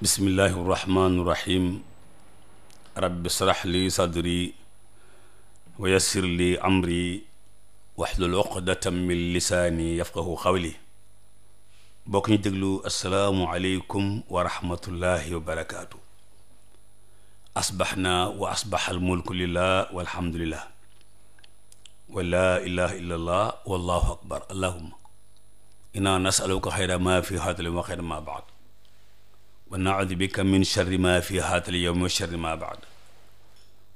bismillahi irrahmani irrahim rabbi israh li sadri wa yassir li amri waxlul uqdatan min lisaani yafqahu xawli bokk ñu déglu asalaamualeykum wa rahmatullahi wa barakaatu asbaxna wa asbaxa almulku lillah walhamdulillah wa laa ilaha illa allah wallahu akbar allahuma inna nasaluka xayra ma fi hadal wa xayra ma baad wa naudu bika min sharri ma fi haatal yowm wa sharri ma baad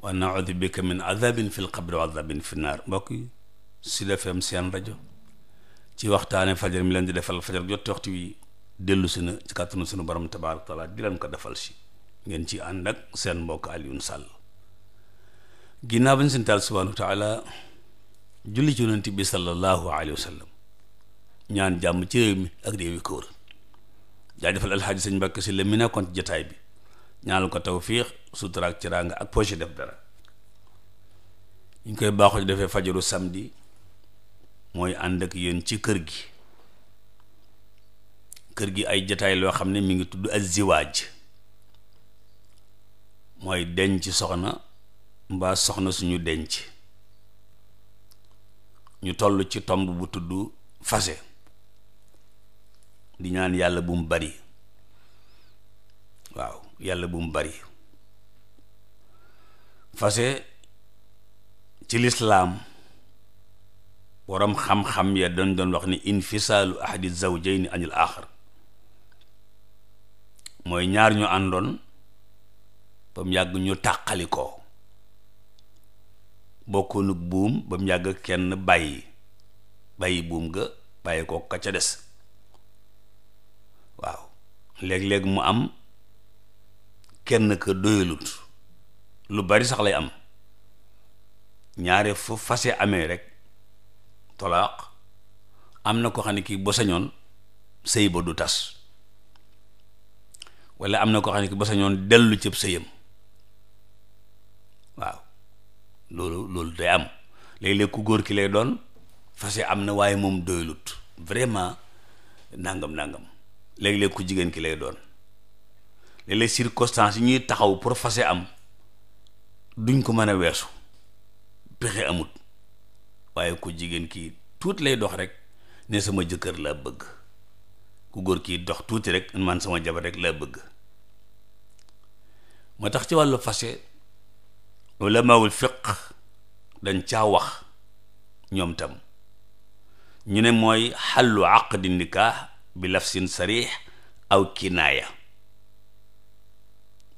wa naudu bika min adabin fi lqabri wa adabin fi naar mbokk yi Sud FM seen rajo ci waxtaane fajar mi leen di defal fajar jotti waxtu wi dellu si na ci kàttanu sunu borom tabaaraka taala di leen ko defal si ngeen ci ànd ak seen mbokk Alioune Sall ginnaaw bañ seen taal subhaanahu wa taala julli ci yonent bi sallallahu alayhi wa sallam ñaan jàmm ci réew mi ak réew yi ko wër jaajëfal alxaaji sëñ Mbàkke si la mi nekkoon jataay bi ñaanal ko tawfiix sutura ak teraanga ak poche def dara ñu ngi koy baaxoo defee fajaru samedi mooy ànd ak yéen ci kër gi kër gi ay jataay loo xam ne mu ngi tudd azziwaaj mooy ci soxna mbaa soxna suñu denc ñu toll ci tomb bu tudd fase di ñaan yàlla bu mu bari waaw yàlla bu mu bari fase ci lislaam woroom xam-xam ya dañ doon wax ni infisaalu ahadi zawjayni anil axar mooy ñaar ñu àndoon ba mu yàgg ñu tàqali ko bokkoonug buum ba mu yàgg kenn bàyyi bàyyi buum ga bàyyi ko ka ca des waaw léeg-léeg mu am kenn ka doyalut lu bari sax lay am ñaare fu fase amee rek tolaaq am na ko xam ne kii ba sañoon sëy ba du tas wala am na ko xam ne kii ba sañoon dellu cëb sëyam waaw loolu loolu day am léeg-léeg ku góor ki lay doon fase am na waaye moom doylut vraiment nangam nangam léeg-léeg ko jigéen ki lay doon léeg-léeg circonstances yi ñuy taxaw pour fase am duñ ko mën a weesu pexe amut waaye ku jigéen ki tuuti lay dox rek ne sama jëkkër laa bëgg ku góor kii dox tuuti rek man sama jabar rek laa bëgg moo tax ci wàllu fase ulamaawul fiq dañ caa wax ñoom tam ñu ne mooy xallu aqdi nikaax bi lafsin sarix aw kinaaya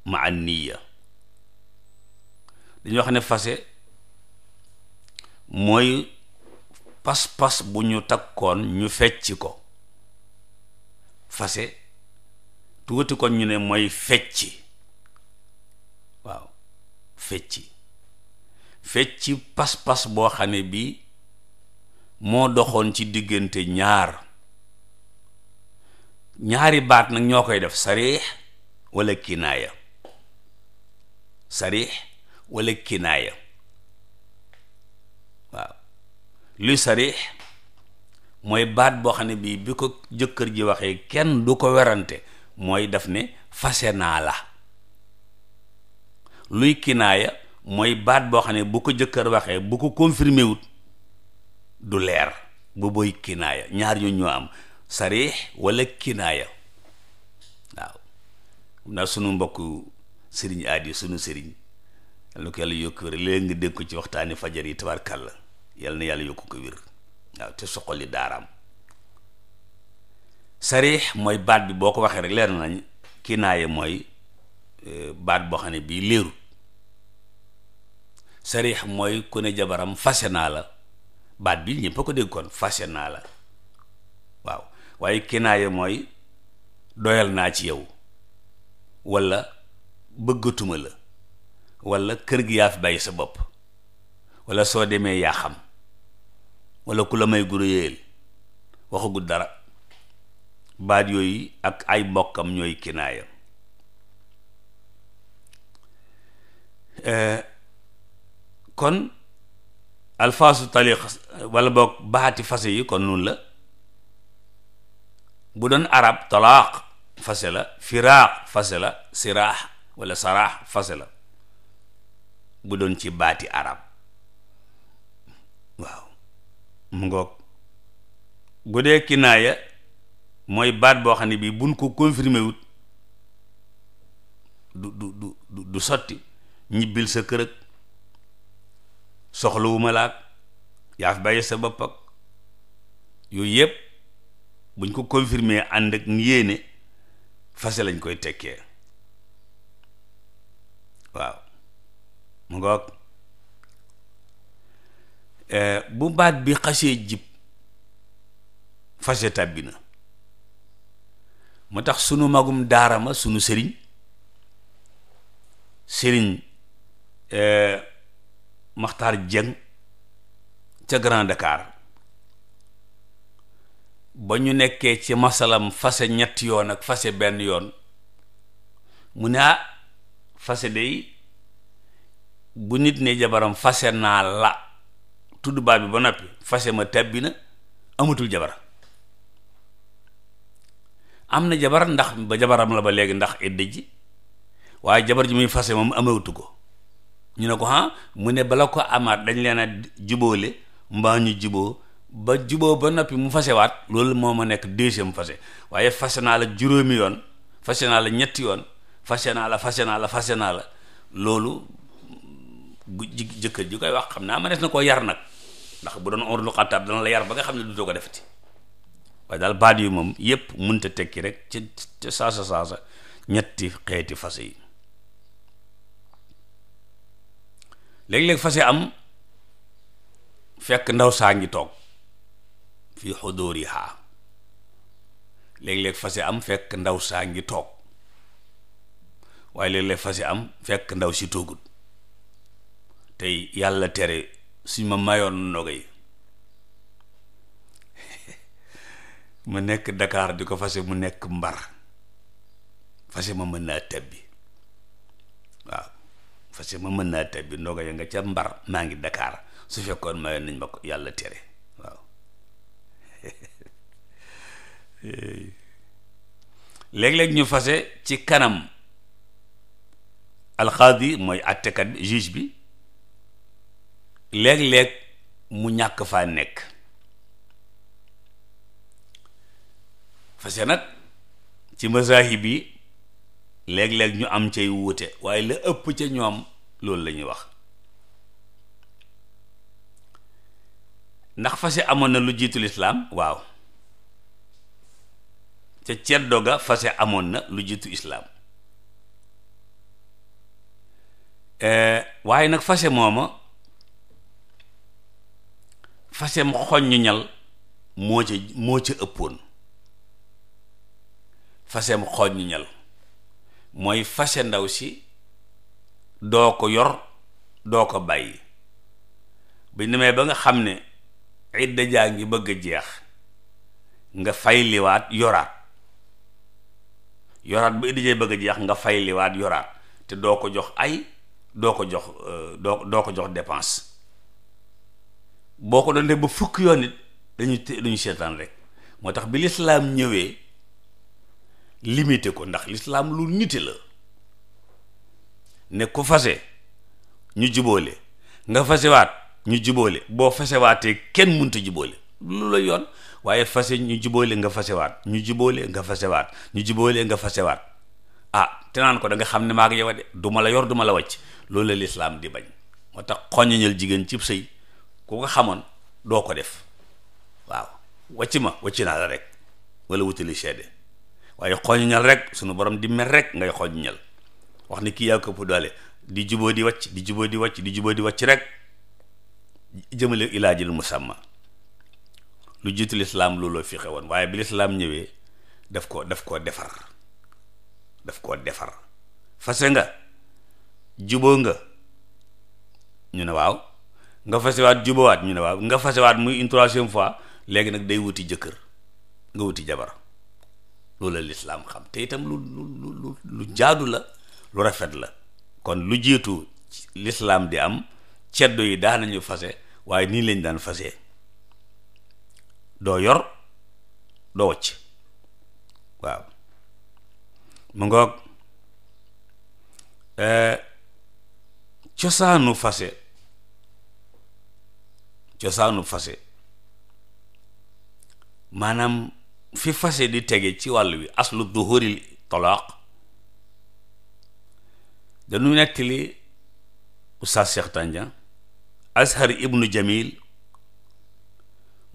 maa niya dañoo wax ne fase mooy pas-pas bu ñu takkoon ñu fecc ko fase tuuti ko ñu ne mooy fecci waaw fecci fecci pas-pas boo xam ne bi moo doxoon ci diggante ñaar ñaari baat nag ñoo koy def sarix wala kinaaya sarix wala kinaaya waaw luy sarix mooy baat boo xam ne bii bi ko jëkkër ji waxee kenn du ko werante mooy daf ne fase naa la luy kinaaya mooy baat boo xam ne bu ko jëkkër waxee bu ko confirmé wut du leer bu boy kinaaya ñaar ñu ñoo am sarix wala kinaaya waaw na sunu mbokk sëriñ aadi sunu sëriñ yal na ko yàlla yokk wér léegi nga dégg ko ci waxtaani fajar yi tabarkàlla yal na yàlla yokk ko wér waaw te soxali daaraam sarix mooy baat bi boo ko waxee rek leer nañ kinaaye mooy e, baat boo xam ne bii léeru sarix mooy ku ne jabaram fase naa la baat bi ñëpp a ko dégg kon fase naa la waaw waaye kinaaye mooy doyal naa ci yow walla bëggatuma la walla kër gi yaa fi bàyyi sa bopp walla soo demee yaa xam walla ku la may guréyeel waxagu dara baat yooyu ak ay mbokkam ñooy kinaaya eh, kon alfaasu taliq walla boog baati fase yi kon nun la bu doon arab talaaq fase la firaaq fase la siraax wala saraax fase la bu doon ci baati arab waaw mu ngoog bu dee kinaaya mooy baat boo xam ne bii buñ ko confirmé wut du du du sotti ñibbil sa kër ak soxlawuma laak yaa bàyyi sa bopp yooyu yëpp buñ ko confirmer ànd ak ni yéene fase lañ koy tekkee waaw mu ngoog eh, bu baat bi xasee jib fase tàbbi moo tax sunu magum daara ma sunu sëriñ sëriñ eh, Maxtaar Jeng ca Grand Dakar ba ñu nekkee ci masalam fase ñetti yoon ak fase benn yoon mu ne ah fase day bu nit ne jabaram fase naa la tudd baat bi ba noppi fase ma tàbbi na amatul jabar am na jabar ndax ba jabaram la ba léegi ndax idda ji waaye jabar ji muy fase moom amewutu ko ñu ne ko ah mu ne bala ko amaat dañ leen a jubóole mbaa ñu juboo ba juboo ba noppi mu fasewaat loolu moo ma nekk deuxième fase waaye fase naa la juróomi yoon fase naa la ñetti yoon fase naa la fase naa la fase naa la loolu jëkkër ji koy wax xam naa ma des na ko yar nag ndax bu doon Umar ibn Xattaab dana la yar ba nga xam ne du ko defati waaye daal baat yi moom yépp mënta tekki rek ci ca saasa saasa ñetti xeeti fase yi léeg-léeg fase am fekk ndaw saa ngi toog fi xuduriha léeg-léeg fase am fekk ndaw saa ngi toog waaye léeg-léeg fase am fekk ndaw si toogut tey yàlla tere su ma mayoon ndogo yi ma nekk dakaar di ko fase mu nekk mbar fase ma mën naa bi waaw fase ma mën naa bi ndogo ya nga ca mbar maa ngi Dakar su fekkoon mayoon nañ ma ko yàlla tere léeg-léeg ñu fase ci kanam alxaadi mooy àttekat bi juge bi léeg-léeg mu ñàkk faa nekk fase nag ci mazahib bi léeg-léeg ñu am cay wuute waaye la ëpp ca ñoom loolu la ñuy wax ndax fase amoon na lu jiitu lislaam waaw ca ceddo ga fase amoon na lu jiitu islaam e, waaye nag fase mooma fasem xoññu moo ca ëppoon fasem mooy fase ndaw si doo ko yor doo ko bàyyi bu demee ba nga xam ne idda jaa ngi bëgg a jeex nga fay liwaat yoraat yoraat ba indi bëgg a jeex nga fay liwaat yoraat te doo ko jox ay doo ko jox euh, doo doo ko jox dépense boo ko doon def ba fukk yoon it dañu dañu seetaan rek moo tax bi lislaam ñëwee limité ko ndax lislaam lu nite la ne ku fase ñu jubóole nga fasewaat ñu jubóole boo fasewaatee kenn munta jubóole lu la yoon waaye fase ñu lee nga fasewaat ñu jubóole nga fasewaat ñu jubóole nga fasewaat ah te naan ko da nga xam ne maa ngi yow de du la yor du la wàcc loolu la lislaam di bañ moo tax xoññal jigéen cib sëy ku ko xamoon doo ko def waaw wacc ma wàcc naa la rek wala wutali seede waaye ñal rek sunu borom di mer rek ngay ñal wax ne kii yaa ko doole di jubóo di wàcc di jubóo di wàcc di jubóo di wàcc rek jëmale ilaajil musamma lu jiitu lislaam looloo fi xewoon waaye bi lislaam ñëwee daf ko daf koo defar daf koo defar fase nga juboo nga ñu ne waaw nga fasewaat jubowaat ñu ne waaw nga fasewaat muy une troisième fois léegi nag day wuti jëkkër nga wuti jabar loolu la lislaam xam te itam lu lu lu lu jaadu la lu rafet la kon lu jiitu lislaam di am ceddo yi daanañu fase waaye nii lañ daan fase doo yor doo wacc waaw mu ngoog eh, cosaanu fase cosaanu fase maanaam fi fase di tege ci wàll wi aslu duhuril talaaq dañu nettali Oustaz Cheikh Tandian Azhar ibnu Jamil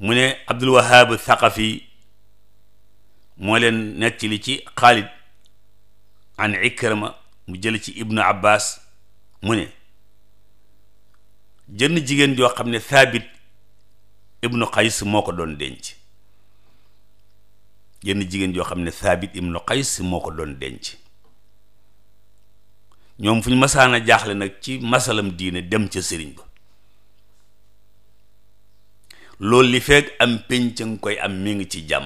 mu ne Abdul Wahab Thaqafi moo leen nettali ci Xaalid an Ikrama mu jël ci Ibnu Abbas mu ne jenn jigéen joo xam ne Thabit Ibnu Qays moo ko doon denc jënn jigéen joo xam ne Thabit Ibnu Qays moo ko doon denc ñoom fu ñu masaana jaaxle nag ci masalam diine dem ca sëriñ ba loolu li fekk am pénc nga koy am mi ngi ci jàmm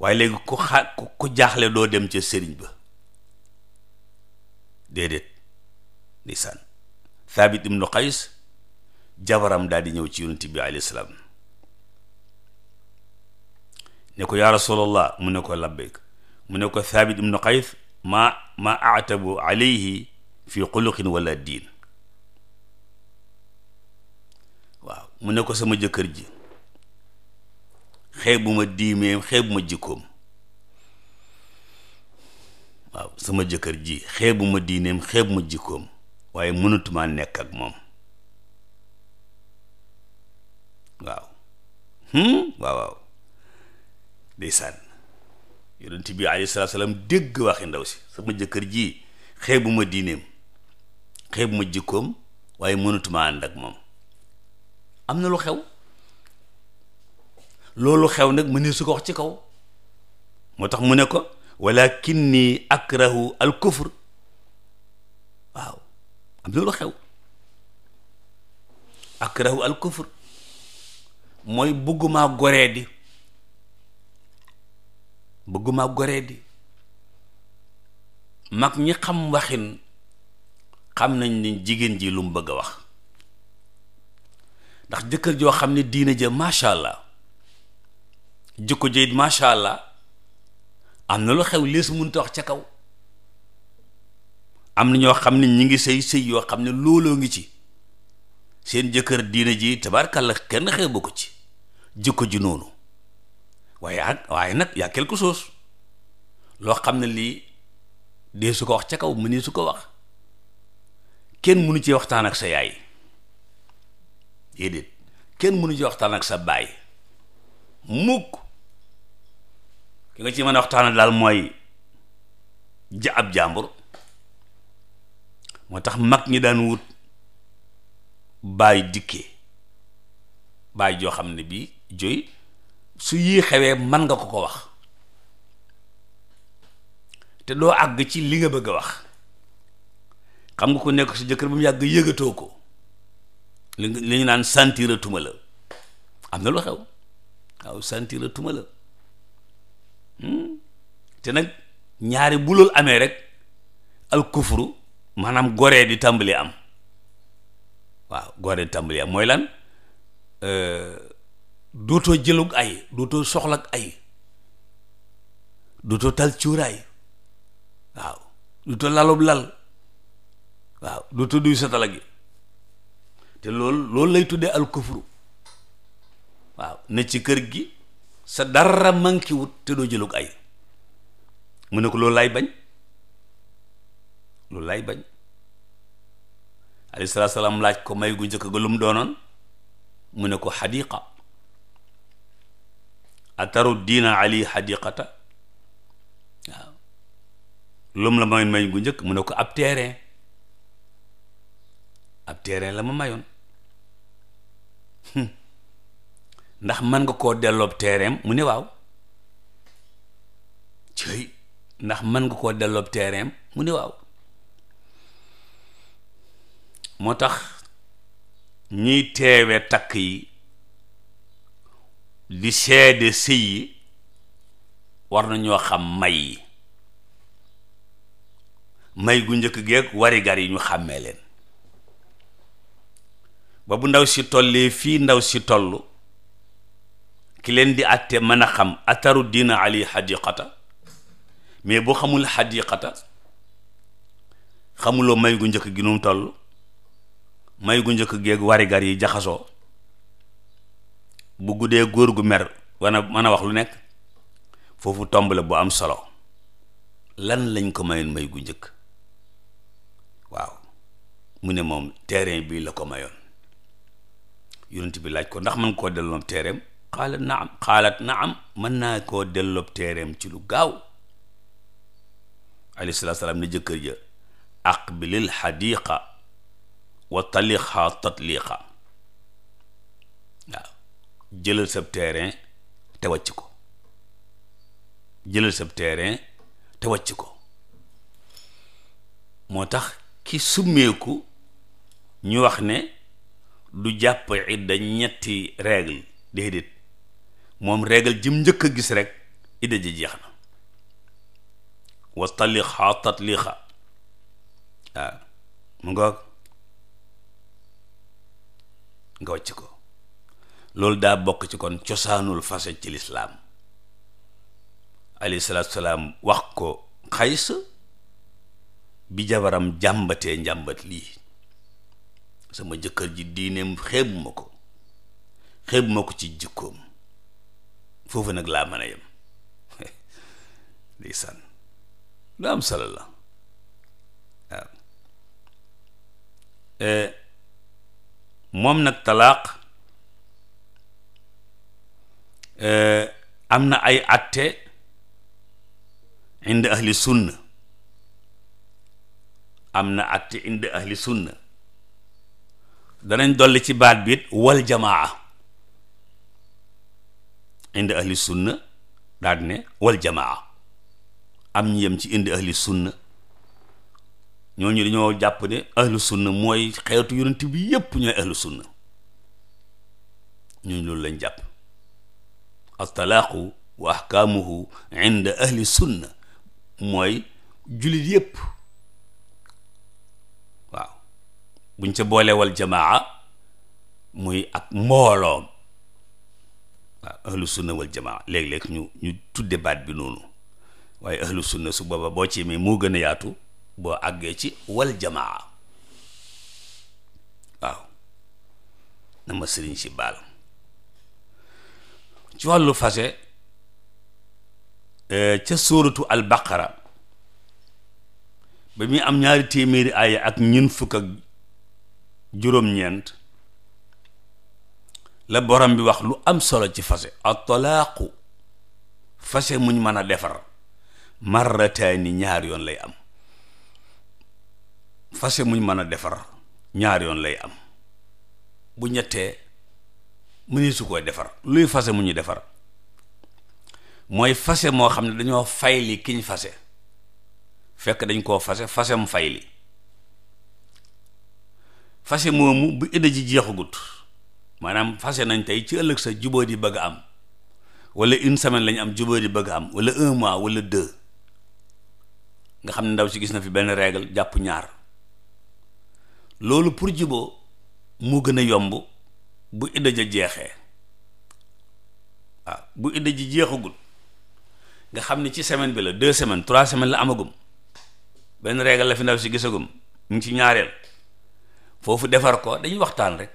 waaye léegi ku xa ku jaaxle doo dem ca sëriñ ba déedéet ndeysaan thabit ibnu qays jabaram daal di ñëw ci yonent bi alayhi salaam ne ko yaa rasulallah mu ne ko labbayk mu ne ko thabit ibnu qays ma ma aatabu alayhi fi xuluqin wala diin mu ne ko sama jëkkër ji xeebuma diimeem ma jikkoom waaw sama jëkkër ji xeebuma diineem ma jikkoom waaye mënutuma nekk ak moom waaw hmm? waaw waaw ndeysaan yonent bi alayhi dégg waxi ndaw si sama jëkkër ji xeebuma diineem xeebuma jikkoom waaye mënutuma ànd ak moom am na lu xew loolu xew nag mu ne su ko wax ci kaw moo tax mu ne ko walakinni akrahu al kufr waaw am na lu xew akrahu al kufr mooy bëggumaa goree di bëggumaa di mag ñi xam waxin xam nañ ne jigéen ji lu mu bëgg a wax ndax jëkkër joo xam ne diina ja macha allah jukko ja it macha allah am na lu xew lees mënut a wax ca kaw am na ñoo xam ne ñi ngi sëy sëy yoo xam ne looloo ngi ci seen jëkkër diina ji tabaarkàlla kenn xeebu ko ci jukko ji noonu waaye ak waaye nag yaa quelque chose loo xam ne lii dee su ko wax ca kaw mënee su ko wax kenn mënu ci waxtaan ak sa yaay déedéet kenn mënu ci waxtaan ak sa baay mukk ki nga ci mën a waxtaan daal mooy ja ab jàmbur moo tax mag ñi daan wut baay dikkee baay joo xam ne bi joy su yii xewee man nga ko ko wax te doo àgg ci li nga bëgg a wax xam nga ko nekk sa jëkkër ba mu yàgg yëgatoo ko li li ñu naan sentiratuma la am na lu xew waaw sentiratuma la hmm? te nag ñaari bu amee rek al maanaam goree di tàmbali am waaw goree di tàmbali am mooy lan euh, dootoo jëlug ay dootoo soxlag ay dootoo tal cuuraay waaw dootoo lalub lal waaw dootoo duy satala gi te loolu loolu lay tuddee alkufru waaw ne ci kër gi sa dara manqué wut te doo jëlug ay mu ne ko loolu lay bañ loolu lay bañ alayhi salaatu salaam laaj ko may gu njëkk ga lu mu doonoon mu ne ko xadiqa ataru diina ali xadiqata waaw lum la may may gu njëkk mu ne ko ab terrain ab terrain la ma mayoon Hmm. ndax mën nga koo delloob teereem mu ne waaw cëy ndax mën nga koo delloob teereem mu ne waaw moo tax ñiy teewe takk yi di seede sëy yi war nañoo xam may yi may gu njëkk geeg wari gar yi ñu xàmmee leen ba bu ndaw si tollee fii ndaw si toll ki leen di àtte mën a xam ataru diina ali xadiqata mais bu xamul xadiqata xamuloo may gu njëkk gi nu mu toll may gu njëkk geeg warigar yi jaxasoo bu guddee góor gu mer wana mën a wax lu nekk foofu tomb la bu am solo lan lañ ko mayoon may gu njëkk waaw mu ne moom terrain bii la ko mayoon yonent bi laaj ko ndax mën koo delloo teereem xaalat naam xaalat naam mën naa koo delloo teereem ci lu gaaw alayhi salaatu salaam ne jëkkër ja aqbilil xadiqa wa taliqa tatliqa jëlal sab terrain te wàcc ko jëlal sab terrain te wacc ko moo tax ki summeeku ñu wax ne du jàpp idda ñetti règle déedéet moom règle jëm njëkk a gis rek idda ji jeex na wa taliqa tatliqa waaw mu ngoog nga wàcc ko loolu daa bokk ci kon cosaanul fase ci lislaam alayhi salaam wax ko xays bi jabaram jàmbatee njàmbat lii sama jëkkër ji diineem xeebuma ko xeebuma ko ci jikkoom foofu nag laa mën a yem ndeysaan lu am solo la eh, moom nag talaaq eh, am na ay atte inda ahli sunna am na atte inda ahli sunna danañ dolli ci baat biit wal jamaa indi ahli sunna daal di am ñu yem ci indi ahli sunna ñooñu dañoo jàpp ne ahlu sunna mooy xeetu yonent bi yépp ñooy ahlu sunna ñu loolu lañ jàpp altalaaqu wa ahkaamuhu inda ahli mooy jullit yëpp buñ ca boolewal jamaa muy ak mbooloom waaw ahlu sunna wal jamaa léeg ñu ñu tudde baat bi noonu waaye ahlu sunna su booba boo ci mi moo gën a yaatu boo àggee ci wal jamaa waaw na ma sëriñ si baal ci wàllu fase eh, ca sóoratu al baqara ba muy am ñaari téeméeri aaya ak ñun fukk ak juróom-ñeent la borom bi wax lu am solo ci fase at-talaaqu fase muñ mën a defar marrataani ñaar yoon lay am fase muñ mën a defar ñaar yoon lay am bu ñettee mu ni defar luy fase mu ñu defar mooy fase moo xam ne dañoo fayli kiñ fase fekk dañ koo fase fasem fayli fase moomu bu idda ji jeexagut maanaam fase nañ tey ci ëllëg sa jubóo di bëgg am wala une semaine lañu am jubóo di bëgg am wala un mois wala deux nga xam ne ndaw si gis na fi benn règle jàpp ñaar loolu pour jubóo mu gën a yomb bu idda jeexee waaw ah, bu idda ji jeexagul nga xam ne ci semaine bi la deux semaines trois semaines la amagum benn règle la fi ndaw si gisagum mu ngi ci ñaareel foofu defar ko dañuy waxtaan rek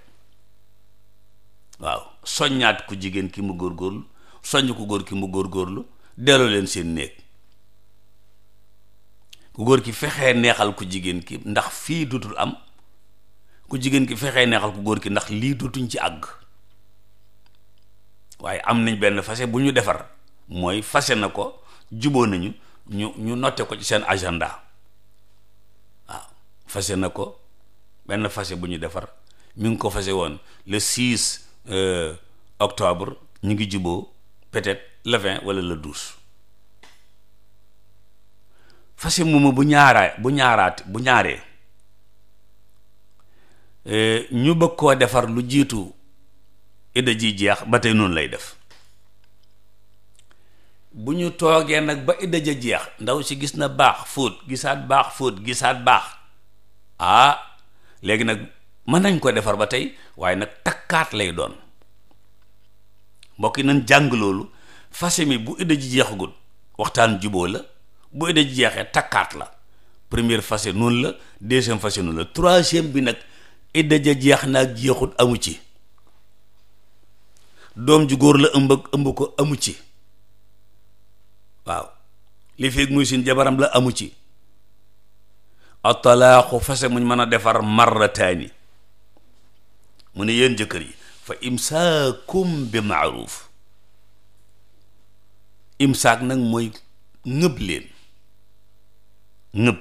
waaw soññaat ku jigéen ki mu góor góorgóorlu soññ ku góor ki mu góor góorlu delloo leen seen néeg ku góor ki fexee neexal ku jigéen ki ndax fii dutul am ku jigéen ki fexee neexal ku góor ki ndax lii dutuñ ci àgg waaye am nañ benn fase bu ñu defar mooy fase na ko juboo nañu ñu ñu notte ko ci seen agenda waaw fase na ko benn fase bu ñu defar mi ngi ko fase woon le 6 euh, octobre ñu ngi juboo peut-être le 20 wala le 12 fase moomu bu ñaaraa bu ñaaraat bu ñaaree euh, ñu bëgg koo defar lu jiitu idda ji jeex ba tey noonu lay def bu ñu toogee nag ba idda ja jeex ndaw si gis na baax fóot gisaat baax fóot gisaat baax ah, léegi nag mën nañ ko defar ba tey waaye nag takkaat lay doon mbokk yi nañ jàng loolu fase mi bu idda ji jeexagul waxtaan juboo la bu idda ji jeexee takkaat la première fase noonu la deuxième fase noonu la troisième bi nag idda ja jeex naag jeexut amu ci doom ju góor la ëmb ak ëmb ko amu ci waaw li feeg muy seen jabaram la amu ci atalaaxu fase muñ mën a defar marrataani mu ne yéen jëkkër yi fa imsaakum bi maaruf imsaak nag mooy ngëb leen ngëb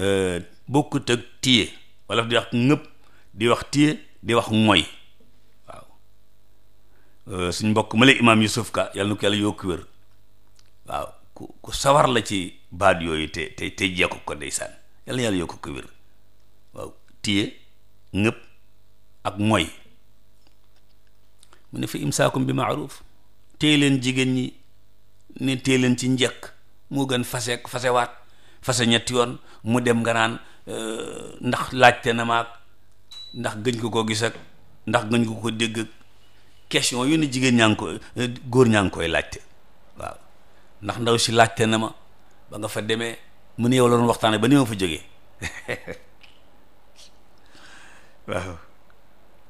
euh, bokkut ak téye walla di wax ngëb di wax téye di wax mooy waaw euh, suñ mbokk ma la imaam Yusuf Ka yàlla na ko yàlla yokku wér waaw ku sawar la ci baat yooyu te te te jekku ko ndeysaan yàlla yàlla yokk ko wér waaw tiye ngëp ak mooy mu ne fa imsaakum bi maaruf téye leen jigéen ñi ne téye leen ci njekk moo gën fase fasewaat fase ñetti yoon mu dem nga naan euh, ndax laajte na maag ndax gëñ ko ko gis ndax gëñ ko ko dégg question yu ne jigéen ñaa ngi euh, góor ñaa ngi koy laajte waaw ndax ndaw si laajte na ma ba nga fa demee mu ne yow la doon waxtaane ba ni ma fa jógee waaw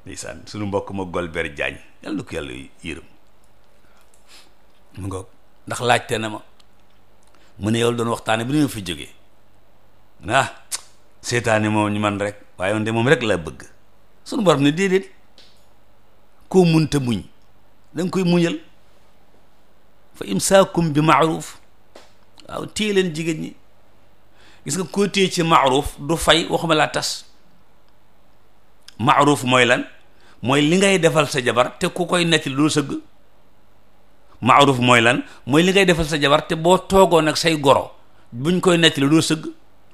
ndeysaan sunu mbokk ma Golbert Diagne yàlla na ko yàlla yërëm mu ngoog ndax laajte na ma mu ne yow la doon waxtaane ba ni ma fa jógee ah seetaane moom ñu man rek waaye man de moom rek laa bëgg sunu borom ne déedéet koo munta muñ da koy muñal fa imsaakum bi maaruf waaw téye leen jigéen ñi gis nga koo téye ci maaruf du fay waxuma laa tas maaruf mooy lan mooy li ngay defal sa jabar te ku koy netti lu sëgg mooy lan mooy li ngay defal sa jabar te boo toogoon ak say goro buñ koy netti lu sëgg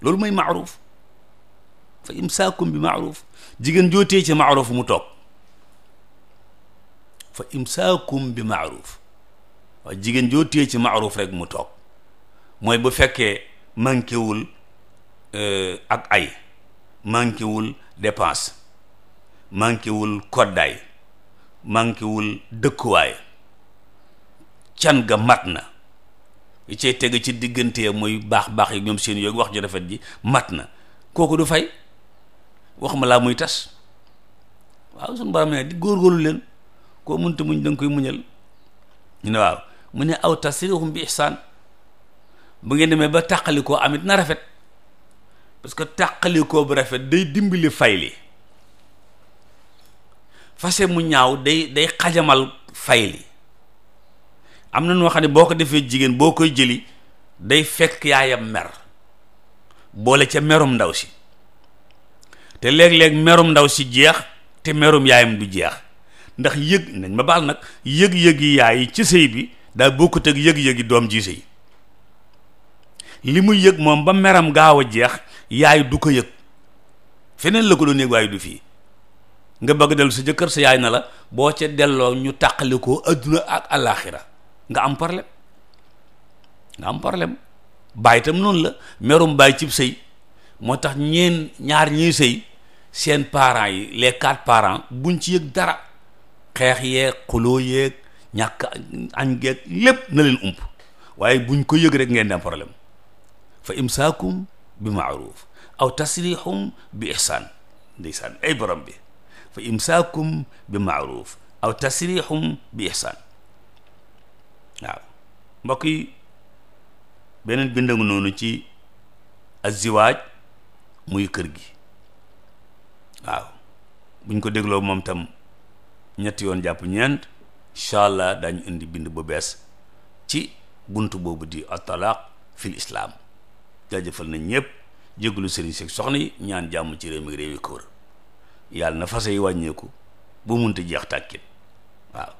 loolu mooy maaruf fa imsaakum bi maaruf jigéen joo téye ci maaruf mu toog fa imsaakum bi maaruf waaw jigéen joo téye ci maaruf rek mu toog mooy bu fekkee manquéwul euh, ak ay manquéwul dépense manquéwul koddaay manquéwul dëkkuwaay can ga mat na li cay teg ci diggante muy baax baax yi ñoom seen yooyu wax ju rafet ji mat na kooku du fay waxuma laa muy tas waaw suñu borom ne di góorgóorlu leen koo munta muñ da nga koy muñal ñu ne waaw mu ne aw tasirihum bi ihsaan bu ngeen demee ba tàqalikoo amit na rafet parce que tàqalikoo bu rafet day dimbali fay li fase mu ñaaw day day xajamal fay li am na noo xam ne boo ko defee jigéen boo koy jëli day fekk yaayam mer boole ca merum ndaw si te léeg-léeg merum ndaw si jeex te merum yaayam du jeex ndax yëg nañ ma baal nag yëg-yëg yi yaay yi ci sëy bi daa ko teg yëg-yëgi doom ji sëy li muy yëg moom ba meram gaaw a jeex yaay du ko yëg feneen la ko doon yëg waaye du fii nga bëgg dellu sa jëkkër sa yaay na la boo ca delloo ñu tàqali ko adduna ak alaxira nga am problème nga am problème bàyyi itam noonu la merum bàyyi cib sëy moo tax ñeen ñaar ñiy sëy seen parent yi les quatre parents buñ ci yëg dara xeex yeeg xuloo yeeg ñàkk añ geeg lépp na leen ump waaye buñ ko yëg rek ngeen di am fa imsaakum bi maaruf aw tasrihum bi ihsaan ay borom fa imsaakum bi aw tasrihum bi ihsaan yi beneen bindangu noonu ci aziwaaj muy kër gi waaw buñ ko dégloo moom tam ñetti yoon jàpp ñeent incha allah dañu indi bind bu bees ci bunt boobu di atalaaq fil islaam jaajëfal nañ ñëpp jégalu sëriñ si soxna yi ñaan jàmm ci réew mi réew yi ko yàlla na fase yi wàññeeku bu munte jeex tàkkit waaw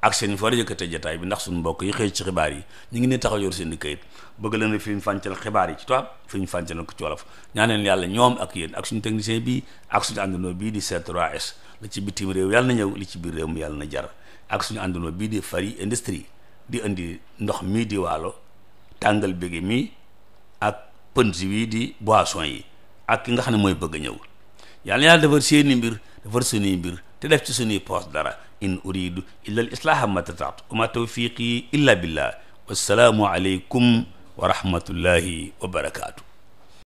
ak seen fa war a yëkkatee jataay bi ndax suñu mbokk yi xëy ci xibaar yi ñu ngi ne taxaw yor seen di kayit bëgg la na fi ñu fàncal xibaar yi ci tubaab fi ñu fàncal ko ci wolof ñaaneen yàlla ñoom ak yéen ak suñu technicien bii ak suñu àndandoo bii di c s ci bitim réew na ñëw li ci biir réew mi yàlla na jar ak suñu àndandoo bii di Fari Industrie di indi ndox mi di waalo tàngal bége mii ak pënd wi di boisson yi ak ki nga xam ne mooy bëgg a ñëw yàlla yàlla defar seeni mbir defar suñuy mbir te def ci suñuy poos dara in uridu illa al islaaha ma tataatu wa ma tawfiqi illa billah wassalaamu aleykum wa rahmatullahi wa